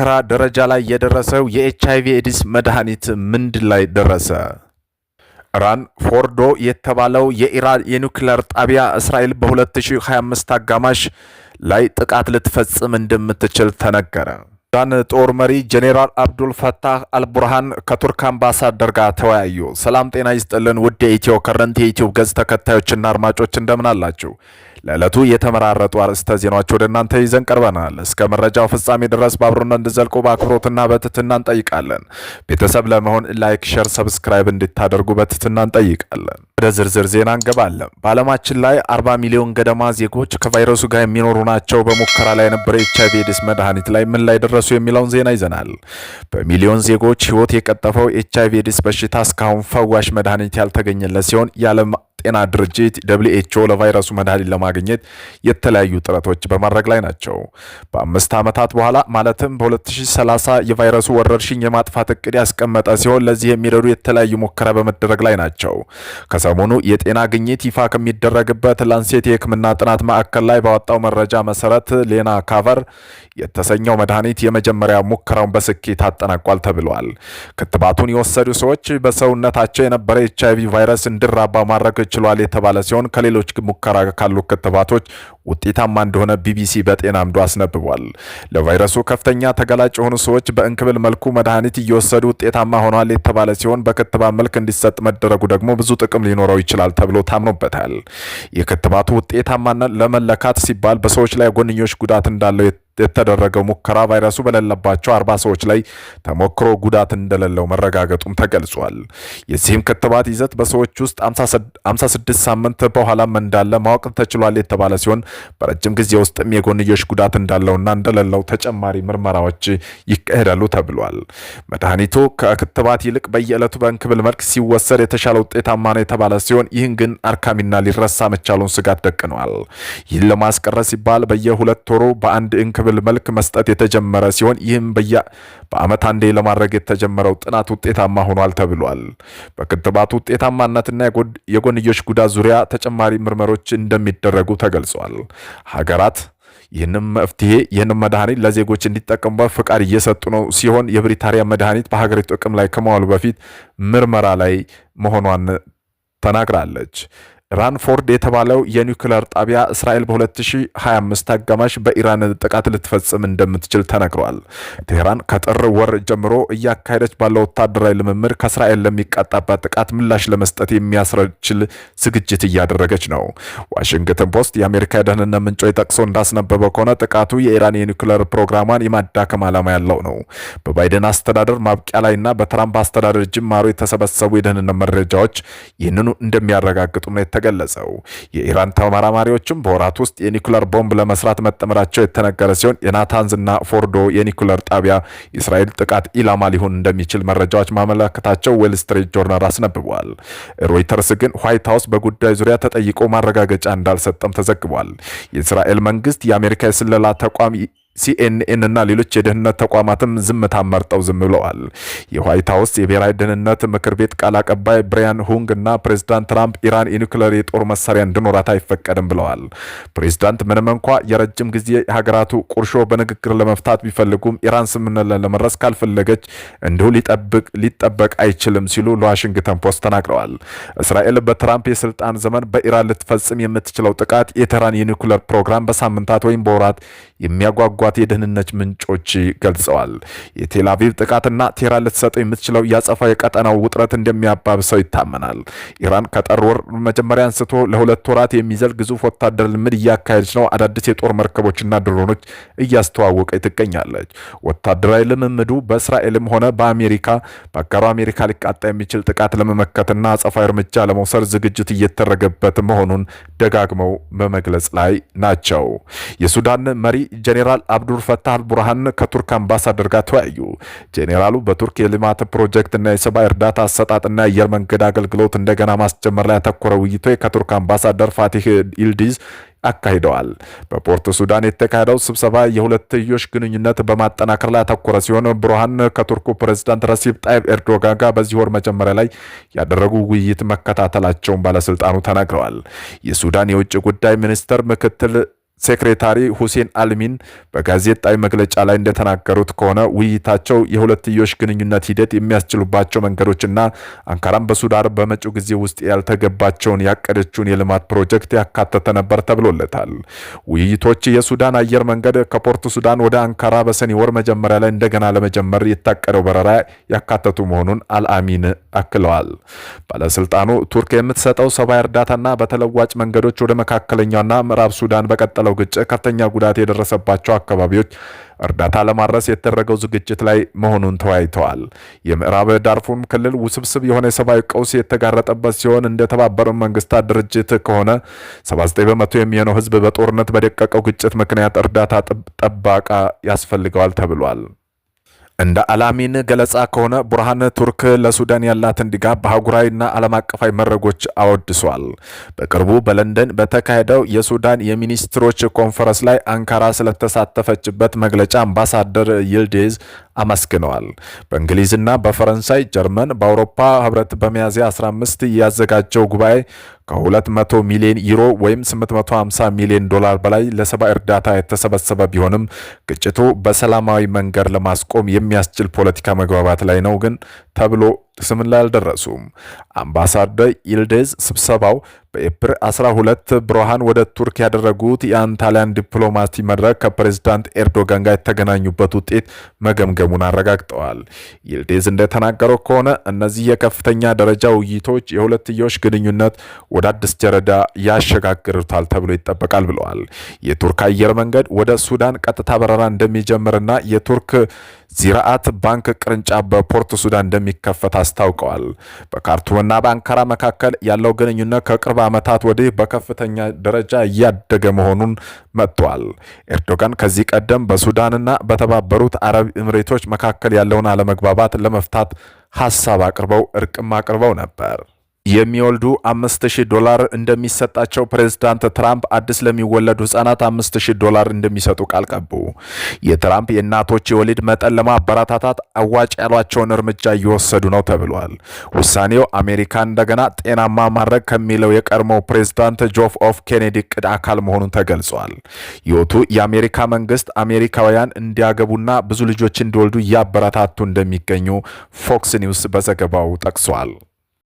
ሙከራ ደረጃ ላይ የደረሰው የኤችአይቪ ኤዲስ መድኃኒት ምንድን ላይ ደረሰ? ራን ፎርዶ የተባለው የኢራን የኒውክሌር ጣቢያ እስራኤል በ2025 አጋማሽ ላይ ጥቃት ልትፈጽም እንደምትችል ተነገረ። ሱዳን ጦር መሪ ጄኔራል አብዱል ፈታህ አልቡርሃን ከቱርክ አምባሳደር ጋር ተወያዩ። ሰላም ጤና ይስጥልን ውድ የኢትዮ ከረንት የዩትዩብ ገጽ ተከታዮችና አድማጮች እንደምን አላችሁ? ለዕለቱ የተመራረጡ አርዕስተ ዜናዎች ወደ እናንተ ይዘን ቀርበናል። እስከ መረጃው ፍጻሜ ድረስ በአብሮነት እንድዘልቁ በአክብሮትና በትህትና እንጠይቃለን። ቤተሰብ ለመሆን ላይክ፣ ሸር፣ ሰብስክራይብ እንድታደርጉ በትህትና እንጠይቃለን። ወደ ዝርዝር ዜና እንገባለን። በዓለማችን ላይ 40 ሚሊዮን ገደማ ዜጎች ከቫይረሱ ጋር የሚኖሩ ናቸው። በሙከራ ላይ የነበረ ኤች አይቪ ኤድስ መድኃኒት ላይ ምን ላይ ደረሱ የሚለውን ዜና ይዘናል። በሚሊዮን ዜጎች ህይወት የቀጠፈው ኤች አይቪ ኤድስ በሽታ እስካሁን ፈዋሽ መድኃኒት ያልተገኘለት ሲሆን የዓለም ጤና ድርጅት ደብሊው ኤች ኦ ለቫይረሱ መድኃኒት ለማግኘት የተለያዩ ጥረቶች በማድረግ ላይ ናቸው። በአምስት ዓመታት በኋላ ማለትም በ2030 የቫይረሱ ወረርሽኝ የማጥፋት እቅድ ያስቀመጠ ሲሆን ለዚህ የሚረዱ የተለያዩ ሙከራ በመደረግ ላይ ናቸው። ከሰሞኑ የጤና ግኝት ይፋ ከሚደረግበት ላንሴት የህክምና ጥናት ማዕከል ላይ ባወጣው መረጃ መሰረት ሌና ካቨር የተሰኘው መድኃኒት የመጀመሪያ ሙከራውን በስኬት አጠናቋል ተብሏል። ክትባቱን የወሰዱ ሰዎች በሰውነታቸው የነበረ ኤች አይቪ ቫይረስ እንዲራባ ማድረግ ችሏል የተባለ ሲሆን ከሌሎች ሙከራ ካሉ ክትባቶች ውጤታማ እንደሆነ ቢቢሲ በጤና አምዶ አስነብቧል። ለቫይረሱ ከፍተኛ ተገላጭ የሆኑ ሰዎች በእንክብል መልኩ መድኃኒት እየወሰዱ ውጤታማ ሆኗል የተባለ ሲሆን በክትባት መልክ እንዲሰጥ መደረጉ ደግሞ ብዙ ጥቅም ሊኖረው ይችላል ተብሎ ታምኖበታል። የክትባቱ ውጤታማነት ለመለካት ሲባል በሰዎች ላይ ጎንኞች ጉዳት እንዳለው የተደረገው ሙከራ ቫይረሱ በሌለባቸው አርባ ሰዎች ላይ ተሞክሮ ጉዳት እንደሌለው መረጋገጡም ተገልጿል። የዚህም ክትባት ይዘት በሰዎች ውስጥ 56 ሳምንት በኋላም እንዳለ ማወቅ ተችሏል የተባለ ሲሆን በረጅም ጊዜ ውስጥም የጎንዮሽ ጉዳት እንዳለውና እንደሌለው ተጨማሪ ምርመራዎች ይካሄዳሉ ተብሏል። መድኃኒቱ ከክትባት ይልቅ በየዕለቱ በእንክብል መልክ ሲወሰድ የተሻለ ውጤታማ ነው የተባለ ሲሆን ይህን ግን አርካሚና ሊረሳ መቻሉን ስጋት ደቅነዋል። ይህን ለማስቀረት ሲባል በየሁለት ወሩ በአንድ እንክብል በመድብል መልክ መስጠት የተጀመረ ሲሆን ይህም በየ በዓመት አንዴ ለማድረግ የተጀመረው ጥናት ውጤታማ ሆኗል ተብሏል። በክትባቱ ውጤታማነትና የጎንዮሽ ጉዳት ዙሪያ ተጨማሪ ምርመሮች እንደሚደረጉ ተገልጿል። ሀገራት ይህንም መፍትሄ ይህንም መድኃኒት ለዜጎች እንዲጠቀሙበት ፍቃድ እየሰጡ ነው ሲሆን የብሪታንያ መድኃኒት በሀገሪቱ ጥቅም ላይ ከመዋሉ በፊት ምርመራ ላይ መሆኗን ተናግራለች። ራንፎርድ የተባለው የኒውክለር ጣቢያ እስራኤል በ2025 አጋማሽ በኢራን ጥቃት ልትፈጽም እንደምትችል ተነግሯል። ቴህራን ከጥር ወር ጀምሮ እያካሄደች ባለው ወታደራዊ ልምምድ ከእስራኤል ለሚቃጣባት ጥቃት ምላሽ ለመስጠት የሚያስችል ዝግጅት እያደረገች ነው። ዋሽንግተን ፖስት የአሜሪካ የደህንነት ምንጮች ጠቅሶ እንዳስነበበው ከሆነ ጥቃቱ የኢራን የኒውክለር ፕሮግራሟን የማዳከም ዓላማ ያለው ነው። በባይደን አስተዳደር ማብቂያ ላይና በትራምፕ አስተዳደር ጅማሮ የተሰበሰቡ የደህንነት መረጃዎች ይህንኑ እንደሚያረጋግጡ ነው የተገለጸው። የኢራን ተመራማሪዎችም በወራት ውስጥ የኒኩለር ቦምብ ለመስራት መጠመራቸው የተነገረ ሲሆን ና ፎርዶ የኒኩለር ጣቢያ የእስራኤል ጥቃት ኢላማ ሊሆን እንደሚችል መረጃዎች ማመላከታቸው ዌል ስትሪት ጆርናል አስነብቧል። ሮይተርስ ግን ዋይት ሀውስ በጉዳዩ ዙሪያ ተጠይቆ ማረጋገጫ እንዳልሰጠም ተዘግቧል። የእስራኤል መንግስት የአሜሪካ የስለላ ተቋም ሲኤንኤን እና ሌሎች የደህንነት ተቋማትም ዝምታ መርጠው ዝም ብለዋል። የዋይት ሀውስ የብሔራዊ ደህንነት ምክር ቤት ቃል አቀባይ ብሪያን ሁንግ እና ፕሬዚዳንት ትራምፕ ኢራን የኒውክሌር የጦር መሳሪያ እንዲኖራት አይፈቀድም ብለዋል። ፕሬዚዳንት ምንም እንኳ የረጅም ጊዜ ሀገራቱ ቁርሾ በንግግር ለመፍታት ቢፈልጉም ኢራን ስምምነት ለመድረስ ካልፈለገች እንዲሁ ሊጠበቅ አይችልም ሲሉ ለዋሽንግተን ፖስት ተናግረዋል። እስራኤል በትራምፕ የስልጣን ዘመን በኢራን ልትፈጽም የምትችለው ጥቃት የቴህራን የኒውክሌር ፕሮግራም በሳምንታት ወይም በወራት የሚያጓጓ የህወሓት የደህንነት ምንጮች ገልጸዋል። የቴላቪቭ ጥቃትና ቴህራን ልትሰጠው የምትችለው የአጸፋ የቀጠናው ውጥረት እንደሚያባብሰው ይታመናል። ኢራን ከጥር ወር መጀመሪያ አንስቶ ለሁለት ወራት የሚዘል ግዙፍ ወታደር ልምድ እያካሄደች ነው። አዳዲስ የጦር መርከቦችና ድሮኖች እያስተዋወቀ ትገኛለች። ወታደራዊ ልምምዱ በእስራኤልም ሆነ በአሜሪካ በአጋሩ አሜሪካ ሊቃጣ የሚችል ጥቃት ለመመከትና አጸፋዊ እርምጃ ለመውሰድ ዝግጅት እየተደረገበት መሆኑን ደጋግመው በመግለጽ ላይ ናቸው። የሱዳን መሪ ጄኔራል አብዱር ፈታህ ቡርሃን ከቱርክ አምባሳደር ጋር ተወያዩ። ጄኔራሉ በቱርክ የልማት ፕሮጀክት እና የሰብአዊ እርዳታ አሰጣጥና የአየር መንገድ አገልግሎት እንደገና ማስጀመር ላይ ያተኮረ ውይይቶ ከቱርክ አምባሳደር ፋቲህ ኢልዲዝ አካሂደዋል። በፖርት ሱዳን የተካሄደው ስብሰባ የሁለትዮሽ ግንኙነት በማጠናከር ላይ ያተኮረ ሲሆን ቡርሃን ከቱርኩ ፕሬዝዳንት ረሲብ ጣይብ ኤርዶጋን ጋር በዚህ ወር መጀመሪያ ላይ ያደረጉ ውይይት መከታተላቸውን ባለስልጣኑ ተናግረዋል። የሱዳን የውጭ ጉዳይ ሚኒስትር ምክትል ሴክሬታሪ ሁሴን አልሚን በጋዜጣዊ መግለጫ ላይ እንደተናገሩት ከሆነ ውይይታቸው የሁለትዮሽ ግንኙነት ሂደት የሚያስችሉባቸው መንገዶችና አንካራም በሱዳን በመጪው ጊዜ ውስጥ ያልተገባቸውን ያቀደችውን የልማት ፕሮጀክት ያካተተ ነበር ተብሎለታል። ውይይቶች የሱዳን አየር መንገድ ከፖርት ሱዳን ወደ አንካራ በሰኔ ወር መጀመሪያ ላይ እንደገና ለመጀመር የታቀደው በረራ ያካተቱ መሆኑን አልአሚን አክለዋል። ባለስልጣኑ ቱርክ የምትሰጠው ሰብአዊ እርዳታና በተለዋጭ መንገዶች ወደ መካከለኛውና ምዕራብ ሱዳን በቀጠለው በቀጠለው ግጭት ከፍተኛ ጉዳት የደረሰባቸው አካባቢዎች እርዳታ ለማድረስ የተደረገው ዝግጅት ላይ መሆኑን ተወያይተዋል። የምዕራብ ዳርፉም ክልል ውስብስብ የሆነ የሰብአዊ ቀውስ የተጋረጠበት ሲሆን እንደ መንግስታት ድርጅት ከሆነ 79 በመቶ የሚሆነው ህዝብ በጦርነት በደቀቀው ግጭት ምክንያት እርዳታ ጥበቃ ያስፈልገዋል ተብሏል። እንደ አላሚን ገለጻ ከሆነ ቡርሃን ቱርክ ለሱዳን ያላትን ድጋፍ በአህጉራዊና ዓለም አቀፋዊ መድረጎች አወድሷል። በቅርቡ በለንደን በተካሄደው የሱዳን የሚኒስትሮች ኮንፈረንስ ላይ አንካራ ስለተሳተፈችበት መግለጫ አምባሳደር ይልዴዝ አመስግነዋል። በእንግሊዝና በፈረንሳይ ጀርመን በአውሮፓ ህብረት በሚያዝያ 15 ያዘጋጀው ጉባኤ ከ200 ሚሊዮን ዩሮ ወይም 850 ሚሊዮን ዶላር በላይ ለሰብአዊ እርዳታ የተሰበሰበ ቢሆንም ግጭቱ በሰላማዊ መንገድ ለማስቆም የሚያስችል ፖለቲካ መግባባት ላይ ነው ግን ተብሎ ስምምነት ላይ አልደረሱም። አምባሳደር ይልዴዝ ስብሰባው በኤፕሪል 12 ብርሃን ወደ ቱርክ ያደረጉት የአንታሊያን ዲፕሎማሲ መድረክ ከፕሬዝዳንት ኤርዶጋን ጋር የተገናኙበት ውጤት መገምገሙን አረጋግጠዋል። ይልዴዝ እንደተናገረው ከሆነ እነዚህ የከፍተኛ ደረጃ ውይይቶች የሁለትዮሽ ግንኙነት ወደ አዲስ ደረጃ ያሸጋግሩታል ተብሎ ይጠበቃል ብለዋል። የቱርክ አየር መንገድ ወደ ሱዳን ቀጥታ በረራ እንደሚጀምርና የቱርክ ዚራአት ባንክ ቅርንጫፍ በፖርት ሱዳን እንደሚከፈት አስታውቀዋል። በካርቱምና በአንካራ መካከል ያለው ግንኙነት ከቅርብ ዓመታት ወዲህ በከፍተኛ ደረጃ እያደገ መሆኑን መጥቷል። ኤርዶጋን ከዚህ ቀደም በሱዳንና በተባበሩት አረብ ኤምሬቶች መካከል ያለውን አለመግባባት ለመፍታት ሀሳብ አቅርበው እርቅም አቅርበው ነበር። የሚወልዱ አምስት ሺህ ዶላር እንደሚሰጣቸው ፕሬዝዳንት ትራምፕ አዲስ ለሚወለዱ ህጻናት 5000 ሺህ ዶላር እንደሚሰጡ ቃል ቀቡ። የትራምፕ የእናቶች የወሊድ መጠን ለማበረታታት አዋጭ ያሏቸውን እርምጃ እየወሰዱ ነው ተብሏል። ውሳኔው አሜሪካ እንደገና ጤናማ ማድረግ ከሚለው የቀድሞው ፕሬዝዳንት ጆፍ ኦፍ ኬኔዲ እቅድ አካል መሆኑን ተገልጿል። ይወቱ የአሜሪካ መንግስት አሜሪካውያን እንዲያገቡና ብዙ ልጆች እንዲወልዱ እያበረታቱ እንደሚገኙ ፎክስ ኒውስ በዘገባው ጠቅሷል።